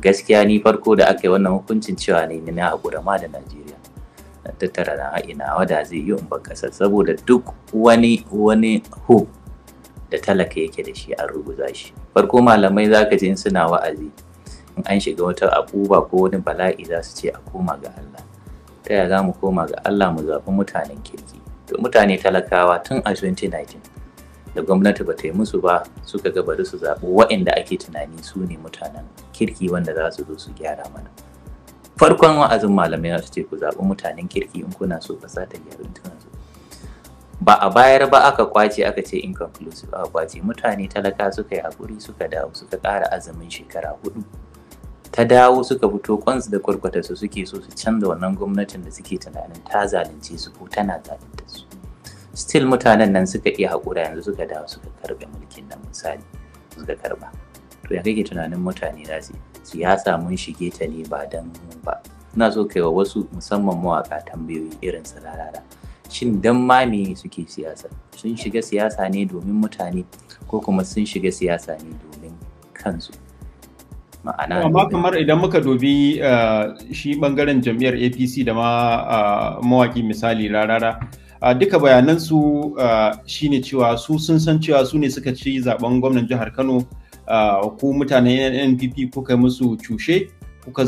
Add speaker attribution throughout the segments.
Speaker 1: gaskiya ni farko da aka yi wannan hukuncin cewa ne na haƙura ma da najeriya na tattara na ina wada zai yi in ƙasar saboda duk wani wani hu da talaka yake da shi an rubuta shi farko malamai za ka ji suna wa'azi in an shiga wata abuba ko wani bala'i za su ce a koma ga allah ta yaya za mu koma ga allah mu zaɓi mutanen kirki to mutane talakawa tun a 2019 da gwamnati ba ta yi musu ba suka ga da su zaɓi waɗanda ake tunani su ne mutanen kirki wanda za su zo su gyara mana farkon wa'azin malamai su ce ku zaɓi mutanen kirki in kuna so ƙasa sata gyaru tunansu ba a bayar ba aka kwace aka ce inconclusive aka kwace mutane talaka suka yi haƙuri suka dawo suka ƙara azumin shekara hudu ta dawo suka fito kwans da kwarkwata su suke so su canza wannan gwamnatin da suke tunanin ta zalunce su ko tana zalunta su still mutanen nan suka iya haƙura yanzu suka dawo suka karɓe mulkin nan misali suka karɓa to ya kake tunanin mutane za su siyasa mun shige ta ne ba don ba ina so kai wa wasu musamman mawaka tambayoyi irin su rarara shin dan ma me suke siyasa sun shiga siyasa ne domin mutane ko kuma sun shiga siyasa ne domin kansu ma'ana amma
Speaker 2: kamar idan muka dobi eh, shi bangaren jam'iyyar apc da ma ah, mawaki misali rarara a ah, duka bayanansu ah, shine cewa su sun san cewa su ne suka ci zaben gwamnan jihar kano Ah, ko mutane na NPP kuka musu cushe kuka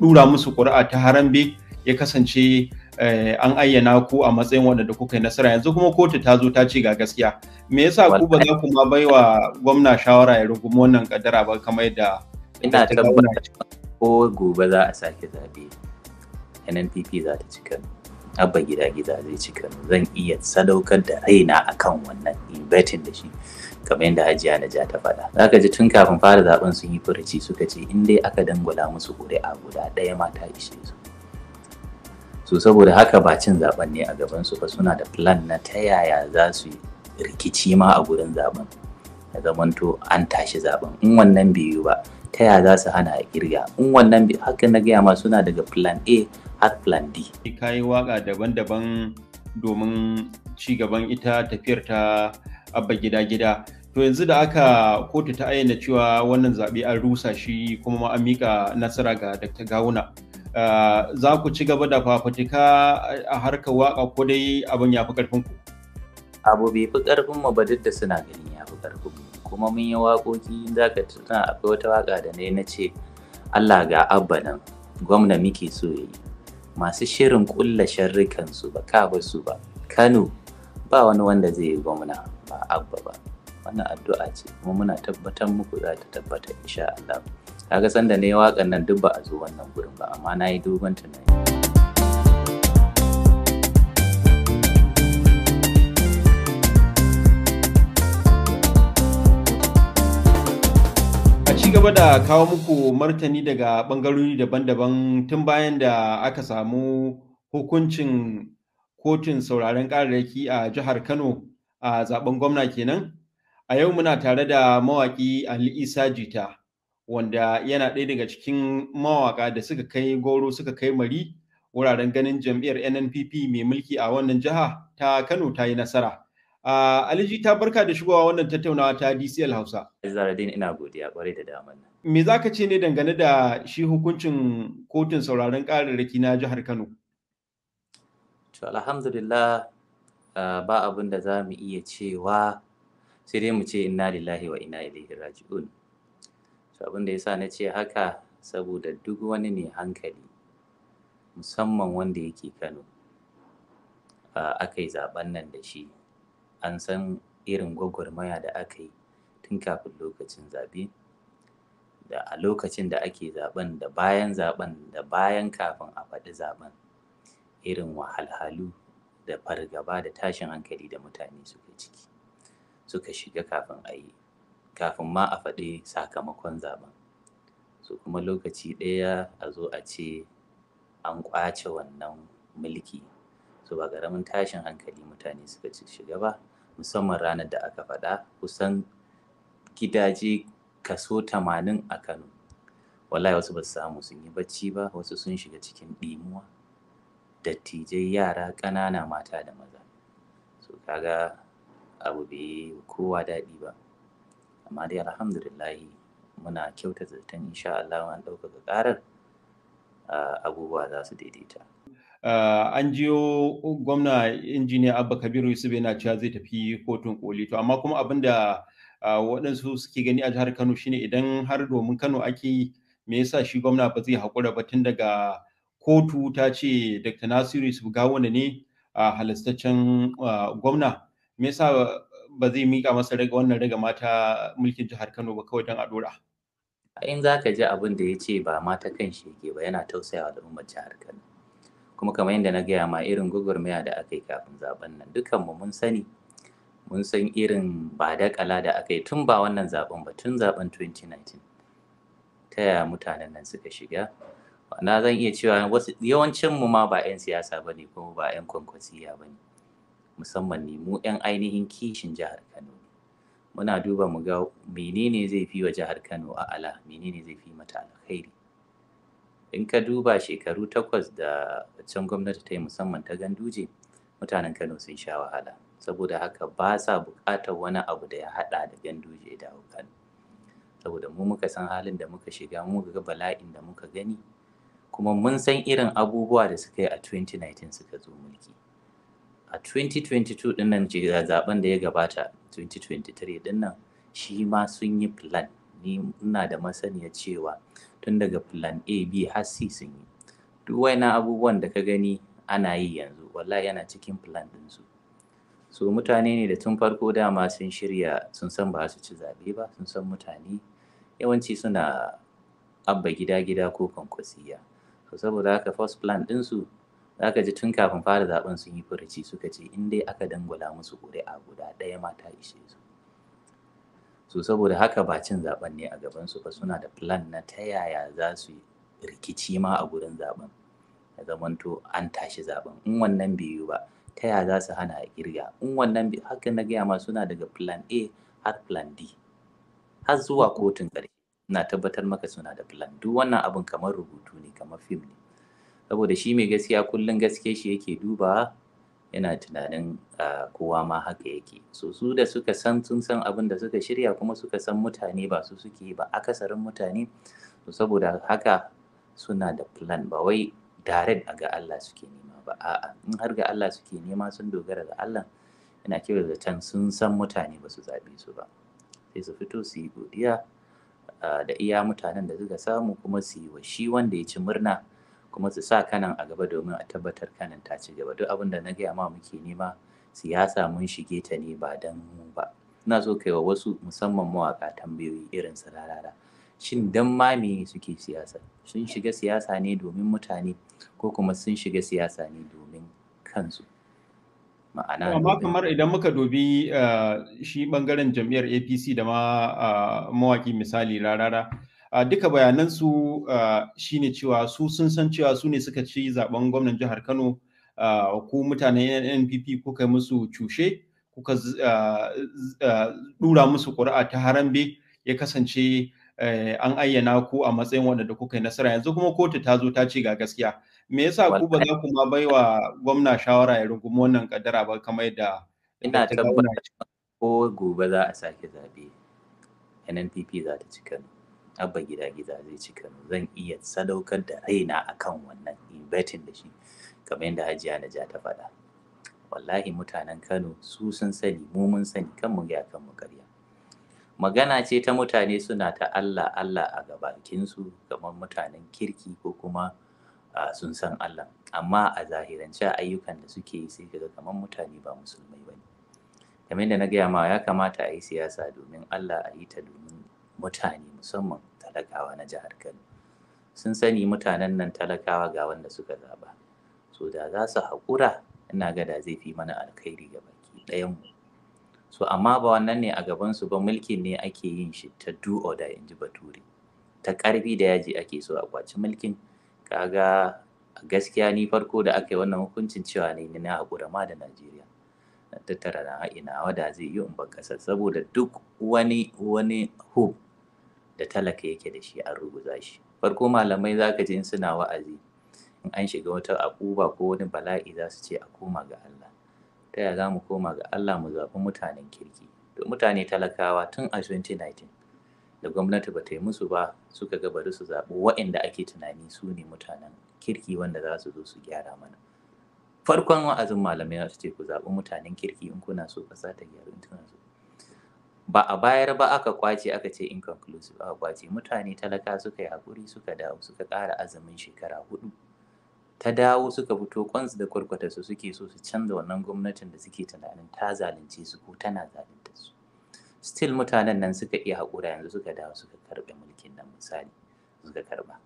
Speaker 2: dura ah, ah, musu ƙuri'a ta harambe ya kasance eh, an ayyana ku a matsayin waɗanda kuka yi nasara yanzu kuma kotu ta zo ta ce ga gaskiya me yasa ku ba za ku ma bai gwamna shawara ya rungumi wannan kadara ba kamar yadda ina tabbata ko gobe za a sake zabe
Speaker 1: NNPP za ta cika abba gida gida zai cika zan iya sadaukar da raina akan wannan in da shi kamar yadda hajiya na ja ta faɗa zaka ji tun kafin fara zaɓen sun yi furuci suka ce in dai aka dangwala musu ƙuri'a guda ɗaya ma ta ishe su so saboda haka ba cin zaben ne a gaban su ba suna da plan na ta yaya za su rikici ma a gurin zaben ya zamanto an tashi zaben in wannan bai yi ba ta yaya za su hana a kirga in wannan bai haka na gaya ma suna daga plan A har plan
Speaker 2: D ka yi waka daban-daban domin ci gaban ita tafiyar ta abba gida-gida to yanzu da aka kotu ta ayyana cewa wannan zaɓe an rusa shi kuma ma mika nasara ga dr gawuna eh, za ku ci gaba da fafatika a harkar waƙa ko dai abin ya fi ƙarfin ku abu bai
Speaker 1: fi ƙarfin mu ba duk da suna gani ya fi ƙarfin kuma mun yi waƙoƙi
Speaker 2: za ka tuna akwai wata
Speaker 1: waƙa da ne na ce Allah ga abba nan gwamna muke so yi masu shirin ƙulla sharrikan su ba ka ba su ba Kano ba wani wanda zai yi gwamna ba abba ba wannan addu'a ce kuma muna tabbatar muku za ta tabbata insha Allah kaga sanda ne waƙan nan duk ba a zo wannan gurin ba amma na yi dogon tunani
Speaker 2: ci gaba da kawo muku martani daga bangarori daban-daban tun bayan da aka samu hukuncin kotun sauraren kararraki a jihar kano a zaben gwamna kenan A yau muna tare da mawaƙi Ali Isa Jita, wanda yana ɗaya daga cikin mawaƙa da suka kai goro suka kai mari wuraren ganin jam'iyyar NNPP mai mulki a wannan jiha ta Kano ta yi nasara. Uh, Ali Jita barka da shigowa wannan tattaunawa ta DCL Hausa. Zaradin ina godiya kwarai da daman. Me za ka ce ne dangane da shi hukuncin kotun sauraron ƙararraki na jihar Kano?
Speaker 1: To alhamdulillah uh, ba abin da za mu iya cewa sai dai mu ce inna lillahi wa inna ilaihi raji'un to abin da yasa na ce haka saboda duk wani ne hankali musamman wanda yake Kano a yi zaben nan da shi an san irin gwagwarmaya da aka yi tun kafin lokacin zaɓe da a lokacin da ake zaben da bayan zaben da bayan kafin a faɗi zaben irin wahalhalu da fargaba da tashin hankali da mutane suke ciki suka shiga kafin a yi kafin ma a faɗi sakamakon zaben so kuma lokaci ɗaya a zo a ce an ƙwace wannan mulki so ba ƙaramin tashin hankali mutane suka ci shiga ba musamman ranar da aka faɗa kusan gidaje kaso tamanin a kano wallahi wasu ba su samu sun yi bacci ba wasu sun shiga cikin ɗimuwa dattijai yara ƙanana mata da maza so kaga abu bai kowa daɗi ba amma dai alhamdulillahi muna kyauta zaton insha Allah an ga
Speaker 2: ƙarar ah, abubuwa za su daidaita. Ah, an jiyo gwamna injiniya abba kabiru yusuf yana cewa zai tafi kotun koli to amma kuma abin da ah, waɗansu suke gani a jihar kano shine idan har domin kano ake yi me yasa shi gwamna ba zai haƙura ba tun daga kotu ta ce dr nasiru yusuf gawuna ne a halastaccen gwamna me yasa ba zai mika masa daga wannan daga mata mulkin jihar Kano ba kawai don a dora in za ji abin da ya ce ba mata kan shi ke ba yana tausayawa da umar jihar Kano
Speaker 1: kuma kamar yadda na gaya ma irin gwagwarmaya da aka kafin zaben nan dukanmu mun sani mun san irin ba da kala aka yi tun ba wannan zaben ba tun zaben 2019 ta yaya mutanen nan suka shiga na zan iya cewa yawancin mu ma ba 'yan siyasa ba ne kuma ba 'yan kwankwasiya ba ne musamman ne mu 'yan ainihin kishin jihar Kano muna duba mu ga menene zai fi wa jihar Kano a ala menene zai fi mata alkhairi in ka duba shekaru takwas da can gwamnati ta yi musamman ta ganduje mutanen Kano sun sha wahala saboda haka ba sa buƙatar wani abu da ya haɗa da ganduje da Kano saboda mu muka san halin da muka shiga mu ga bala'in da muka gani kuma mun san irin abubuwa da suka yi a 2019 suka zo mulki a 2022 din nan zaben da ya gabata 2023 din nan shi ma sun yi plan ni ina da masaniya cewa tun daga plan A B har C sun yi duk wayannan abubuwan da ka gani ana yi yanzu wallahi yana cikin plan din su so mutane ne da tun farko dama sun shirya sun san ba su ci zaɓe ba sun san mutane yawanci suna abba gida gida ko kwankwasiya so saboda haka first plan din za ka ji tun kafin fara zaben sun yi furuci suka ce in dai aka dangula musu ƙuri'a guda ɗaya mata ta ishe su so saboda haka ba cin zaben ne a gaban su ba suna da plan na ta yaya za su rikici ma a gurin zaben ya zamanto an tashi zaben in wannan bai yi ba ta yaya za su hana a kirga in wannan bai haka na gaya ma suna daga plan A har plan D har zuwa kotun ƙarshe na tabbatar maka suna da plan duk wannan abin kamar rubutu ne kamar fim ne saboda shi mai gaskiya kullum gaske shi yake duba yana tunanin kowa ma haka yake so su da suka san sun san abin da suka shirya kuma suka san mutane ba su suke ba akasarin mutane to saboda haka suna da plan ba wai direct a ga Allah suke nema ba a'a in har ga Allah suke nema sun dogara ga Allah yana kira da can sun san mutane ba su zabe su ba sai su fito su yi godiya da iya mutanen da suka samu kuma su yi wa shi wanda ya ci murna kuma su sa kanan a gaba domin a tabbatar kanan ta ci gaba duk abin da na gaya ma muke nema siyasa mun shige ta ne ba don mu ba ina so kai wa wasu musamman mawaka tambayoyi irin su rarara shin dan ma me suke siyasa sun shiga siyasa ne domin mutane ko kuma sun shiga siyasa ne domin kansu ma'ana amma kamar
Speaker 2: idan muka dubi eh, shi bangaren jam'iyyar apc da ma ah, mawaki misali rarara duka bayanansu shine cewa su sun san cewa su ne suka ci zaben gwamnan jihar Kano ku mutanen NPP kuka musu cushe kuka dura musu ƙuri'a ta harambe ya kasance an ayyana ku a matsayin waɗanda kuka yi nasara yanzu kuma kotu ta zo ta ce ga gaskiya me yasa ku ba za ku ma bai wa gwamna shawara ya rungumi wannan kaddara ba kamar yadda ina tabbata ko gobe za a sake zaɓe NNPP za ta ci Kano abba
Speaker 1: gida gida zai ci kano zan iya sadaukar da raina akan wannan inbetin da shi kamar yadda hajiya na ja ta faɗa wallahi mutanen kano su sun sani mu mun sani kan mu ya kan mu karya magana ce ta mutane suna ta allah allah a su kamar mutanen kirki ko kuma sun san allah amma a zahirance ayyukan da suke yi sai kaga kamar mutane ba musulmai ba ne kamar yadda na gaya ma ya kamata a yi siyasa domin allah a yi ta domin mutane musamman talakawa na jihar Kano sun sani mutanen nan talakawa ga wanda suka zaba so da za su haƙura ina ga da zai fi mana alkhairi ga baki ɗayan mu so amma ba wannan ne a gaban su ba mulkin ne ake yin shi ta do or die inji bature ta ƙarfi da yaji ake so a kwaci mulkin kaga gaskiya ni farko da aka yi wannan hukuncin cewa ne na haƙura ma da Najeriya tattara na ina da zai yi in ba ƙasar saboda duk wani wani hope da talaka yake da shi a ruguza shi farko malamai za ka ji in suna wa'azi in an shiga wata akuba ko wani bala'i za su ce a koma ga Allah ta yaya za mu koma ga Allah mu zaɓi mutanen kirki to mutane talakawa tun a 2019 da gwamnati ba ta yi musu ba suka ga bari su zaɓi waɗanda ake tunani su ne mutanen kirki wanda za su zo su gyara mana farkon wa'azin malamai za su ce ku zaɓi mutanen kirki in kuna so ƙasa ta gyaru in kuna so ba a bayar ba aka kwace aka ce in inconclusive aka kwace mutane talaka suka yi haƙuri suka dawo suka ƙara azumin shekara hudu ta dawo suka fito kwans da kwarkwata su suke so su canza wannan gwamnatin da suke tunanin ta zalunce su ko tana zalunta su still mutanen nan suka iya haƙura yanzu suka dawo suka karɓe mulkin nan misali suka karɓa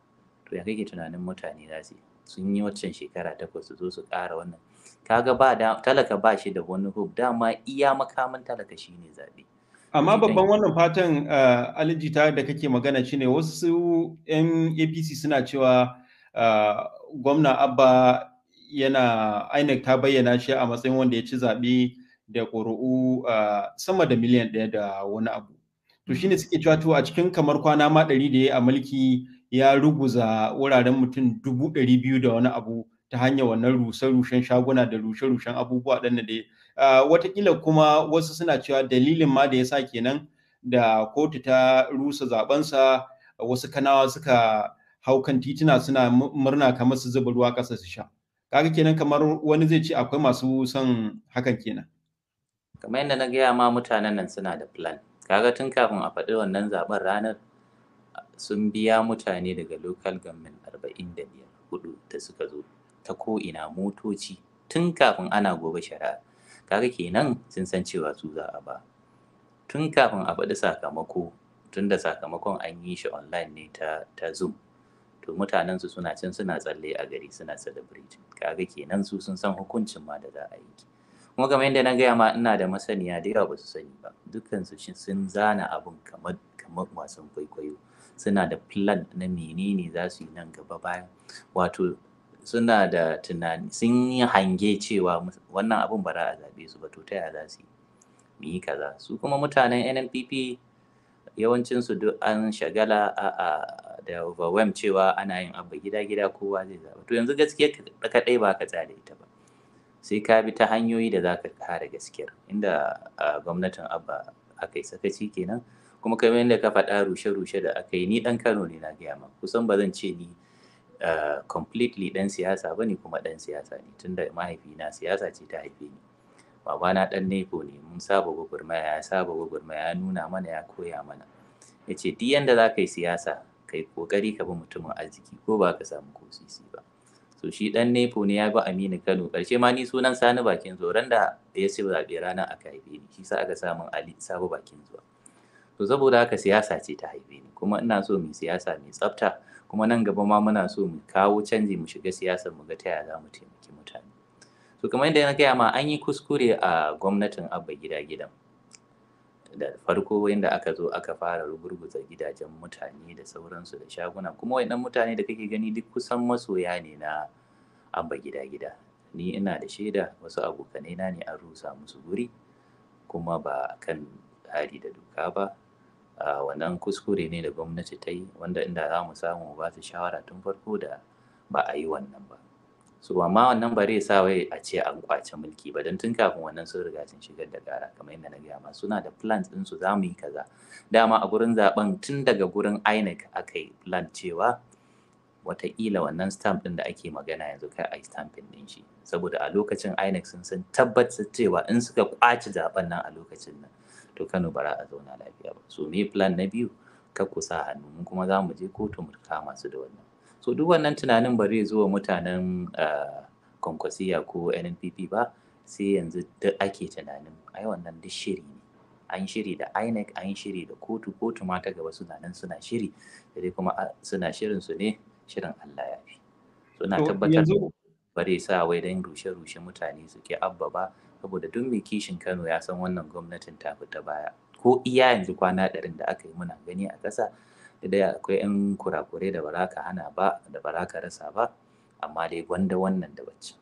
Speaker 1: to ya kake tunanin mutane za su sun yi waccan shekara takwas su zo su ƙara wannan kaga ba talaka ba shi da wani hope dama iya makamin talaka shine zaɓe
Speaker 2: amma babban wannan fatan eh, alijita da kake magana shine wasu 'yan apc suna cewa eh, gwamna abba yana inec ta bayyana shi a matsayin wanda ya ci zaɓe da ƙuri'u eh, sama da miliyan ɗaya da wani abu to shine suke cewa to a cikin kamar kwana ma ɗari da ya a mulki ya ruguza wuraren mutum dubu ɗari biyu da wani abu ta hanyar wannan rushe-rushen shaguna da rushe-rushen abubuwa ɗan da Ah, watakila kuma wasu suna cewa dalilin ma da ya sa kenan da kotu ta rusa zabansa wasu kanawa suka hau kan tituna suna murna kamar su zuba ruwa kasa su sha kaga kenan kamar wani zai ce akwai masu son hakan kenan
Speaker 1: kamar yadda na gaya ma mutanen nan suna da plan kaga tun kafin a faɗi wannan zaben ranar sun biya mutane daga local government arba'in da biyar hudu da suka zo ta ko ina motoci tun kafin ana gobe shari'a kaga kenan sun san cewa su za a ba tun kafin a faɗi sakamako tun da sakamakon an yi shi online ne ta, ta zoom to mutanen su suna can suna tsalle a gari suna celebrating kaga kenan su sun san hukuncin ma da za a yi kuma kamar yadda na gaya ma ina da masaniya da yawa ba su sani ba dukkan su sun zana abun kamar kamar wasan kwaikwayo suna da plan na menene za su yi nan gaba bayan wato suna da tunani sun yi hange cewa wannan abin ba za a zaɓe su ba to ta yaya za su yi yi kaza su kuma mutanen nnpp yawancinsu duk an shagala a da overwhelm cewa ana yin abu gida gida kowa zai zaɓa to yanzu gaskiya kaɗai ba ka tsare ita ba sai ka bi ta hanyoyi da za ka kare gaskiyar inda gwamnatin abba aka yi sakaci kenan kuma kamar yadda ka faɗa rushe-rushe da aka yi ni ɗan kano ne na gaya ma kusan ba zan ce ni Eh, completely ɗan siyasa ba ne kuma ɗan siyasa ne tunda mahaifina siyasa ce ta haife ni babana ɗan nepo ne mun saba gwagwarmaya ya saba gwagwarmaya ya nuna mana ya koya mana ya ce duk yanda za ka yi siyasa ka yi ƙoƙari ka bi mutumin arziki ko ba ka samu ko ba so shi ɗan nepo ne ya bi aminu kano ƙarshe ma ni sunan sani bakin zuwa ran da ya ce zaɓe ranar aka haife ni shi sa aka samun ali sabo bakin zuwa So, saboda haka siyasa ce ta haife ni kuma ina so mai siyasa mai tsafta kuma nan gaba ma muna so mu kawo canji mu shiga siyasar mu ga ta yaya za mu taimaki mutane to kamar yadda na gaya ma an yi kuskure a gwamnatin abba gida gidan da farko wanda aka zo aka fara rugurguza gidajen mutane da sauransu da shaguna kuma waɗannan mutane da kake gani duk kusan masoya ne na abba gida gida ni ina da shaida wasu abokanai na ne an rusa musu guri kuma ba kan hari da duka ba wannan kuskure ne da gwamnati ta yi wanda inda za mu samu ba su shawara tun farko da ba a yi wannan ba so amma wannan ba zai sa wai a ce an kwace mulki ba don tun kafin wannan sun riga sun shigar da gara kamar yadda na gaya ma suna da plans din su za mu yi kaza dama a gurin zaben tun daga gurin INEC aka yi plan cewa wataƙila wannan stamp ɗin da ake magana yanzu kai a stampin ɗin shi saboda a lokacin INEC sun san tabbatar cewa in suka kwace zaben nan a lokacin nan to Kano ba a zauna lafiya ba so me plan na biyu ka ku sa hannu mun kuma za mu je kotu mu kama su da wannan so duk wannan tunanin ba zai zo wa mutanen ah, konkwasiya ko NNPP ba sai yanzu duk ake tunanin ai wannan duk shiri ne an shiri da INEC an shiri da kotu kotu ma ta gaba suna nan suna shiri sai dai kuma ah, suna shirin su ne shirin Allah ya fi suna tabbatar ba zai sa wai dan rushe-rushe mutane suke abba ba saboda duk mai kishin Kano ya san wannan gwamnatin ta fi ta baya ko iya yanzu kwana ɗarin da aka yi muna gani a ƙasa da dai akwai 'yan kurakurai da ba ka hana ba da ba ka rasa ba amma dai gwanda wannan da bacci.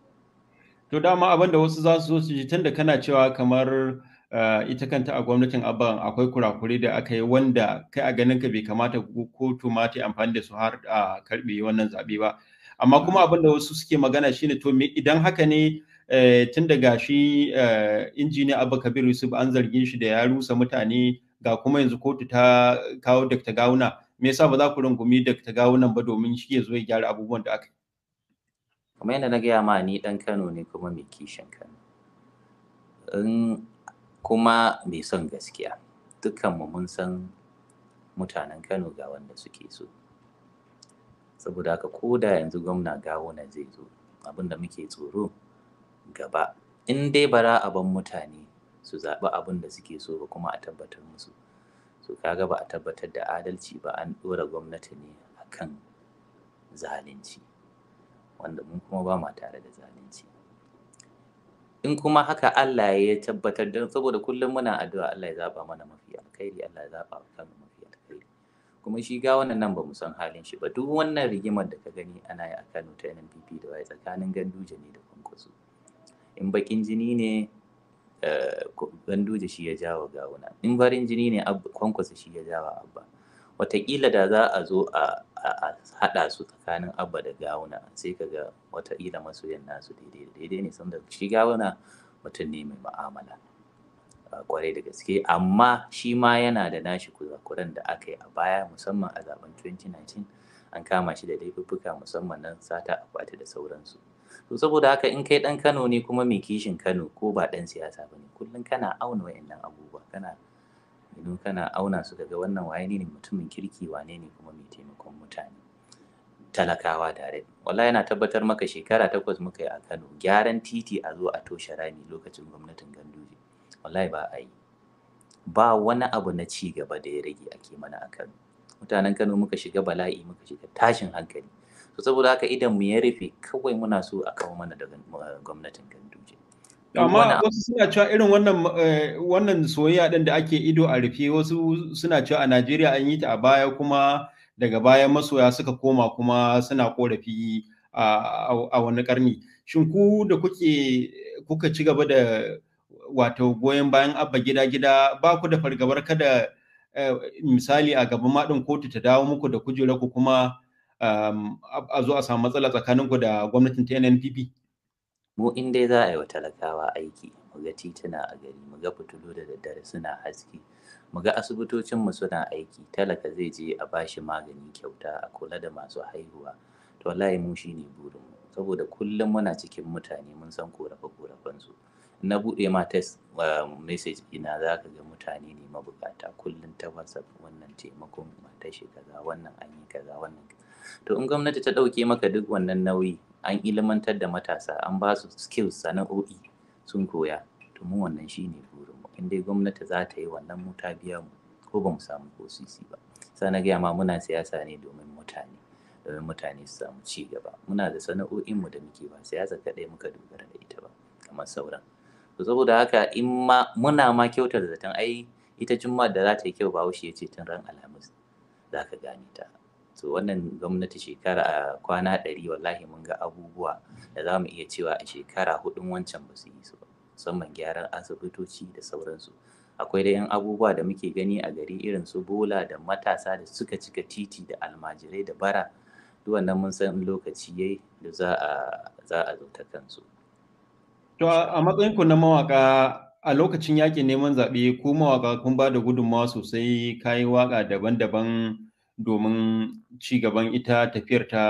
Speaker 2: To dama abin da wasu za su zo su ji tun da kana cewa kamar eh, ita kanta a gwamnatin abban akwai kurakure da aka yi wanda kai a ganin ka bai kamata kotu ma ta amfani da su har a karɓe wannan zaɓe ba amma kuma abin da wasu suke magana shine to idan haka ne Eh, tun da gashi shi eh, injiniya abba kabir yusuf an zargin shi da ya rusa mutane ga kuma yanzu kotu ta kawo dr gawuna me yasa ba za ku rungumi dr gawunan ba domin shi ya zo ya gyara abubuwan da aka
Speaker 1: yi yana na gaya ma ni dan kano ne kuma mai kishin kano in kuma mai son gaskiya dukkan mu mun san mutanen kano ga wanda suke so saboda haka ko da yanzu gwamna gawuna zai zo abinda muke tsoro gaba in dai bara a ban mutane su zaɓi abin da suke so ba kuma a tabbatar musu to kaga ba a tabbatar da adalci ba an ɗora gwamnati ne kan zalunci wanda mun kuma ba ma tare da zalunci in kuma haka Allah ya tabbatar don saboda kullum muna addu'a Allah ya zaba mana mafi alkhairi Allah ya zaba mana mafi alkhairi kuma shi ga wannan nan bamu san halin shi ba duk wannan rigimar da ka gani ana yi a Kano ta NPP da wai tsakanin Ganduje ne da Kwankwaso in bakin jini ne eh, ganduje shi ya jawa gawuna in farin jini ne kwankwasa shi ya jawa abba wataƙila da za a zo a haɗa su tsakanin abba da gawuna sai ka ga wataƙila masoyan nasu daidai daidai ne sanda shi gawuna mutum ne mai ma'amala kwarai da gaske amma shi ma yana da nashi kurakuran da aka yi a baya musamman a zaben 2019 an kama shi da laifuffuka musamman nan sata akwati da sauransu to saboda haka in kai ɗan Kano ne kuma mai kishin Kano ko ba dan siyasa ba ne kullum kana auna wa'annan abubuwa kana idan kana auna su daga wannan waye ne mutumin kirki wane ne kuma mai taimakon mutane talakawa tare wallahi yana tabbatar maka shekara takwas muka yi a Kano gyaran titi a zo a toshe rami lokacin gwamnatin Ganduje wallahi ba a yi ba wani abu na ci gaba da ya rage ake mana a Kano mutanen Kano muka shiga bala'i muka shiga tashin hankali to saboda haka idan mu ya rufe kawai muna so a kawo mana daga gwamnatin Ganduje
Speaker 2: amma wasu suna cewa irin wannan eh, soyayya din da ake ido a rufe wasu suna cewa a Najeriya an yi ta a baya kuma daga baya masoya suka koma kuma suna korafi a wani karni shin ku da kuke kuka ci gaba da wato goyon bayan abba gida gida ba ku da fargabar kada eh, misali a gaban maɗin kotu ta dawo muku da kujera ku kuma Um, a zo a samu matsala tsakaninku da gwamnatin ta NNPP?
Speaker 1: Mu in dai za a yi wa talakawa aiki, mu ga tituna a gari, mu ga fitilu da daddare suna haske, mu ga mu suna aiki, talaka zai je a bashi magani kyauta a kula da masu haihuwa. To wallahi mu shi ne mu. saboda kullum muna cikin mutane mun san korafe su. na buɗe ma text um, message ina za ka ga mutane ne mabukata kullum ta whatsapp wannan taimakon matashi kaza wannan an yi kaza wannan to in gwamnati ta ɗauke maka duk wannan nauyi an ilimantar da matasa an ba su skills sana'o'i sun koya to mu wannan shine burinmu in dai gwamnati za ta yi wannan mu ta biya mu ko ba mu samu ko ba Sa na gaya ma muna siyasa ne domin mutane domin mutane su samu ci gaba muna da sana'o'in mu da muke ba siyasa kaɗai muka dogara da ita ba kamar sauran to saboda haka in ma muna ma kyautar zaton ai ita juma'a da za ta yi kyau ba ya ce tun ran alhamis za ka gane ta to wannan gwamnati shekara a kwana ɗari wallahi mun ga abubuwa da za mu iya cewa a shekara hudun wancan ba su yi su ba musamman gyaran asibitoci da sauransu akwai da 'yan abubuwa da muke gani a gari irin su bola da matasa da suka cika titi da almajirai da bara duk wannan mun san lokaci yayi da za a za a zo kansu
Speaker 2: to a matsayin ku na mawaka a lokacin yakin neman zaɓe ko mawaka kun ba da gudunmawa sosai kayi waka daban-daban domin ci gaban ita tafiyar ta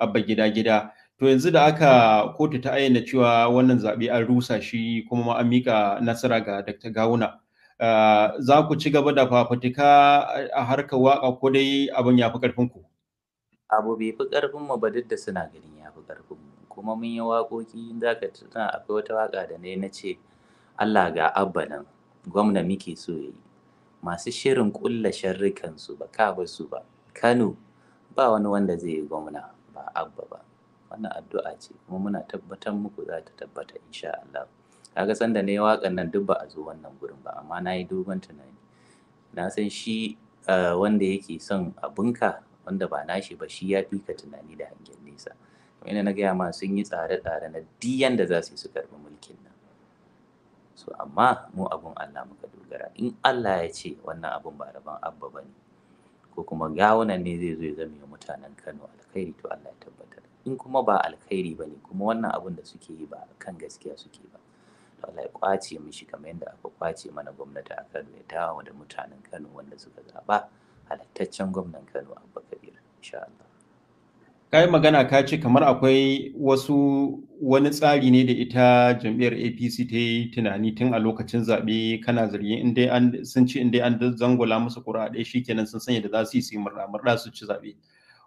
Speaker 2: abba gida gida to yanzu da aka mm. kotu ta ayyana cewa wannan zaɓe an rusa shi kuma ma mika nasara ga dr gawuna ah, za ku ci gaba da fafutuka a harkar waƙa ko dai abin ya fi ƙarfin ku
Speaker 1: abu bai fi ƙarfin mu ba duk da suna ganin ya fi ƙarfin mu kuma mun yi waƙoƙi za ka tuna akwai wata waƙa da ne na ce Allah ga abba nan gwamna muke so ya yi masu shirin kulla sharrikansu ba ka ba su ba kano ba wani wanda zai yi gwamna ba abba ba wannan addu'a ce kuma muna tabbatar muku za ta tabbata insha Allah kaga san da na yi waƙan nan duk ba a zo wannan gurin ba amma na yi dogon tunani na san shi wanda yake son abinka wanda ba nashi ba shi ya fi ka tunani da hangen nesa ina na gaya ma sun yi tsare-tsare na diyan da za su yi su karɓi mulkin nan so amma mu abun Allah muka dogara in Allah ya ce wannan abun ba rabon abba ba ne ko kuma gawunan ne zai zo ya zama mutanen Kano alkhairi to Allah ya tabbatar in kuma ba alkhairi ba ne kuma wannan abun da suke yi ba kan gaskiya suke ba to Allah ya kwace mishi kamar yadda aka kwace mana gwamnati a Kano ya dawo da mutanen Kano wanda suka zaba halattaccen gwamnan Kano Abba Kabir insha Allah
Speaker 2: ka yi magana ka ce kamar akwai wasu wani tsari ne da ita jam'iyyar apc ta yi tunani tun a lokacin zaɓe kana zargin inda an sun ci inda an zangula musu kura ɗaya shikenan sun sanya da za su yi su murna murna su ci zaɓe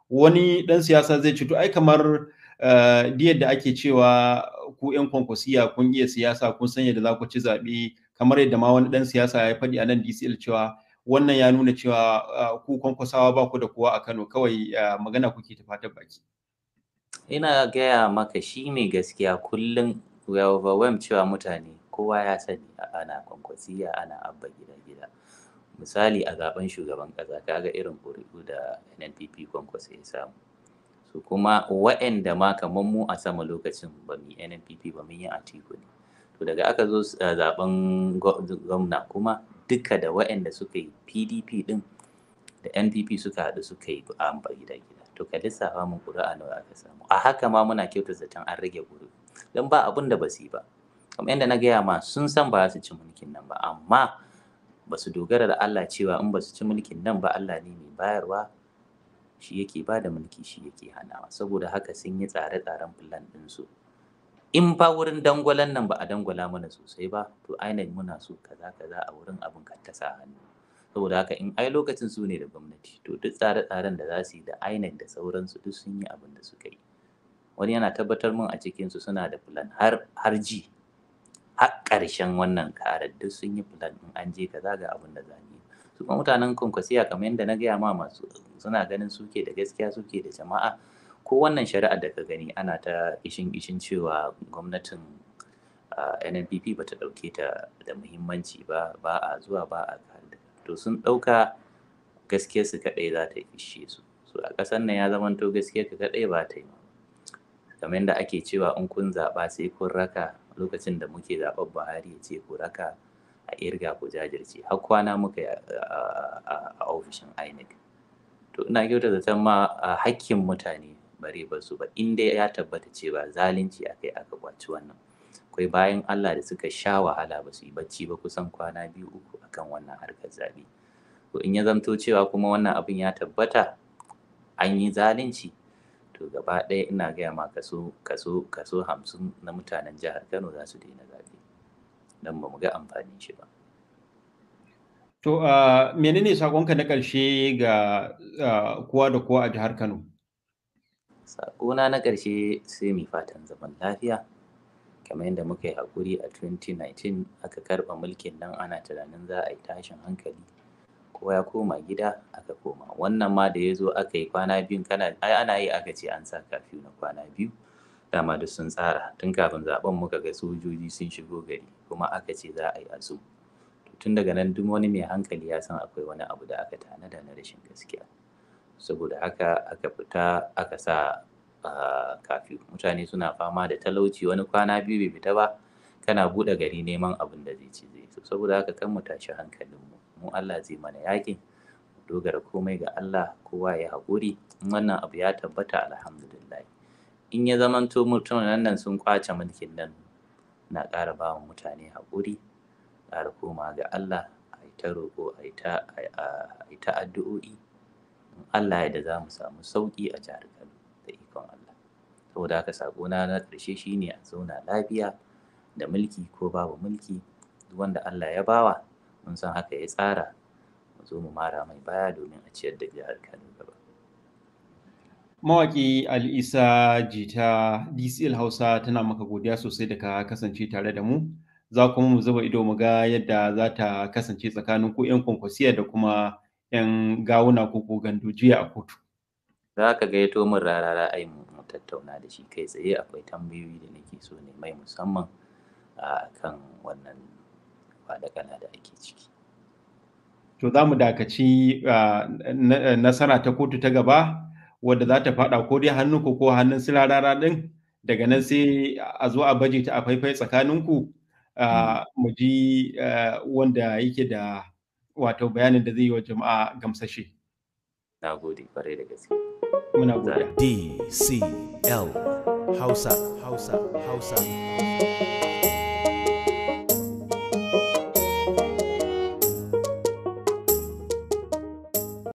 Speaker 2: wani ɗan siyasa zai ci to ai kamar eh, diyar da ake cewa ku yan kwankwasiya kun iya siyasa kun sanya da za ku ci zaɓe kamar yadda ma wani ɗan siyasa ya faɗi a nan dcl cewa wannan ya nuna cewa ah, ku kwankwasawa ba ku da kowa a Kano kawai ah, magana kuke ta baki.
Speaker 1: Ina gaya maka shi ne gaskiya kullum ya overwhelm cewa mutane kowa ya sani ana kwankwasiya ana abba gida gida. Misali a zaben shugaban ƙasa kaga irin ƙuri'u da NNPP kwankwasa ya samu. Su kuma waɗanda ma kamar mu a sama lokacin ba mu NNPP ba mu yi Atiku ne. To daga aka zo ah, zaben gwamna kuma duka da waɗanda suka yi PDP ɗin da NPP suka haɗu suka yi a gida gida to ka lissafa mun a nawa aka samu a haka ma muna kyautar zaton an rage ƙuri'u don ba abin da ba yi ba kamar yadda na gaya ma sun san ba su ci mulkin nan ba amma ba su dogara da Allah cewa in ba su ci mulkin nan ba Allah ne mai bayarwa shi yake ba da mulki shi yake hanawa saboda haka sun yi tsare-tsaren plan ɗinsu in ba wurin dangwalan nan ba a dangwala mana sosai ba to INEC muna so kaza kaza a wurin abin ka ta sa hannu saboda haka in ai lokacin su ne da gwamnati to duk tsare-tsaren da za su yi da INEC da sauransu duk sun yi abin da suka yi wani yana tabbatar min a cikin su suna da plan har har ji har ƙarshen wannan karar duk sun yi plan in an je kaza ga abin da za yi su kuma mutanen kwankwasiya kamar yadda na gaya ma masu suna ganin suke da gaskiya suke da jama'a ko wannan shari'ar da ka gani ana ta ishin ishin cewa gwamnatin ah, nnpp ba ta ɗauke ta da muhimmanci ba ba a zuwa ba a to sun ɗauka gaskiyar su kaɗai za ta ishe su so a ƙasar nan ya zamanto gaskiyar ka kaɗai ba ta yi kamar yadda ake cewa in kun zaɓa sai kun raka lokacin da muke zaɓar buhari ya ce ku raka a irga ku jajirce har kwana muka yi a ofishin inec to ina kyauta zaton ma ah, hakkin mutane bare ba su ba in dai ya tabbata cewa zalunci akai aka kwaci wannan akwai bayan Allah da suka sha wahala ba su yi bacci ba kusan kwana biyu uku akan wannan harkar zaɓe to in ya zamto cewa kuma wannan abin ya tabbata an yi zalunci to gaba ɗaya ina gaya ma kaso kaso kaso hamsin na mutanen jihar Kano za su daina zaɓe, don ba mu ga amfanin shi ba.
Speaker 2: To, ah, menene sakonka na ƙarshe ga ah, kowa da kowa a jihar Kano? Sakona na ƙarshe sai mai fatan zaman lafiya,
Speaker 1: kamar yadda muka yi haƙuri a 2019 aka karɓa mulkin nan ana tunanin za a yi tashin hankali. Kowa ya koma gida aka koma. Wannan ma da ya zo aka yi kwana biyu. kana ai ana yi aka ce an sa kafin na kwana biyu. Dama duk sun tsara tun kafin zaɓen muka ga sojoji sun shigo gari kuma aka ce za a yi a Zoom. Tun daga nan duk wani mai hankali ya san akwai wani abu da aka tanada na rashin gaskiya. saboda haka aka fita aka sa ah, kafi mutane suna fama da talauci wani kwana biyu bai fita ba kana buɗe gari neman abin da zai ci zai saboda haka kan mu tashi hankalin mu mu Allah zai mana yakin dogara komai ga Allah kowa ya haƙuri in wannan abu ya tabbata alhamdulillah in ya zamanto mutumin nan sun kwace mulkin nan na ƙara ba mutane haƙuri ƙara koma ga Allah a yi ta roƙo a yi ta addu'o'i Allah ya da za mu samu sauƙi a jihar Kano da ikon Allah saboda haka saƙona na ƙarshe shine a zauna lafiya da mulki ko babu mulki duk wanda Allah ya bawa mun san haka ya tsara mu zo mu mara mai baya domin a ciyar da jihar Kano gaba
Speaker 2: Mawaƙi Al'isa Jita DCL Hausa tana maka godiya sosai da ka kasance tare da mu. Za kuma mu zuba ido mu ga yadda za ta kasance tsakanin ku 'yan kwankwasiya da kuma 'yan gawuna ko ko jiya a kotu.
Speaker 1: Za ka gaito min rarara ai mu tattauna da shi kai tsaye akwai tambayoyi da nake so ne mai musamman a kan wannan faɗakala da ake ciki.
Speaker 2: To za mu dakaci nasara ta kotu ta gaba wadda za ta faɗa ko dai hannu ko ko hannun silarara rarara ɗin daga nan sai a zo a baje ta a faifai tsakaninku hmm. mu ji wanda yake da wato bayanin da zai yi wa jama'a gamsashe. Na gode bare da gaske. Muna gode. DCL Hausa Hausa Hausa.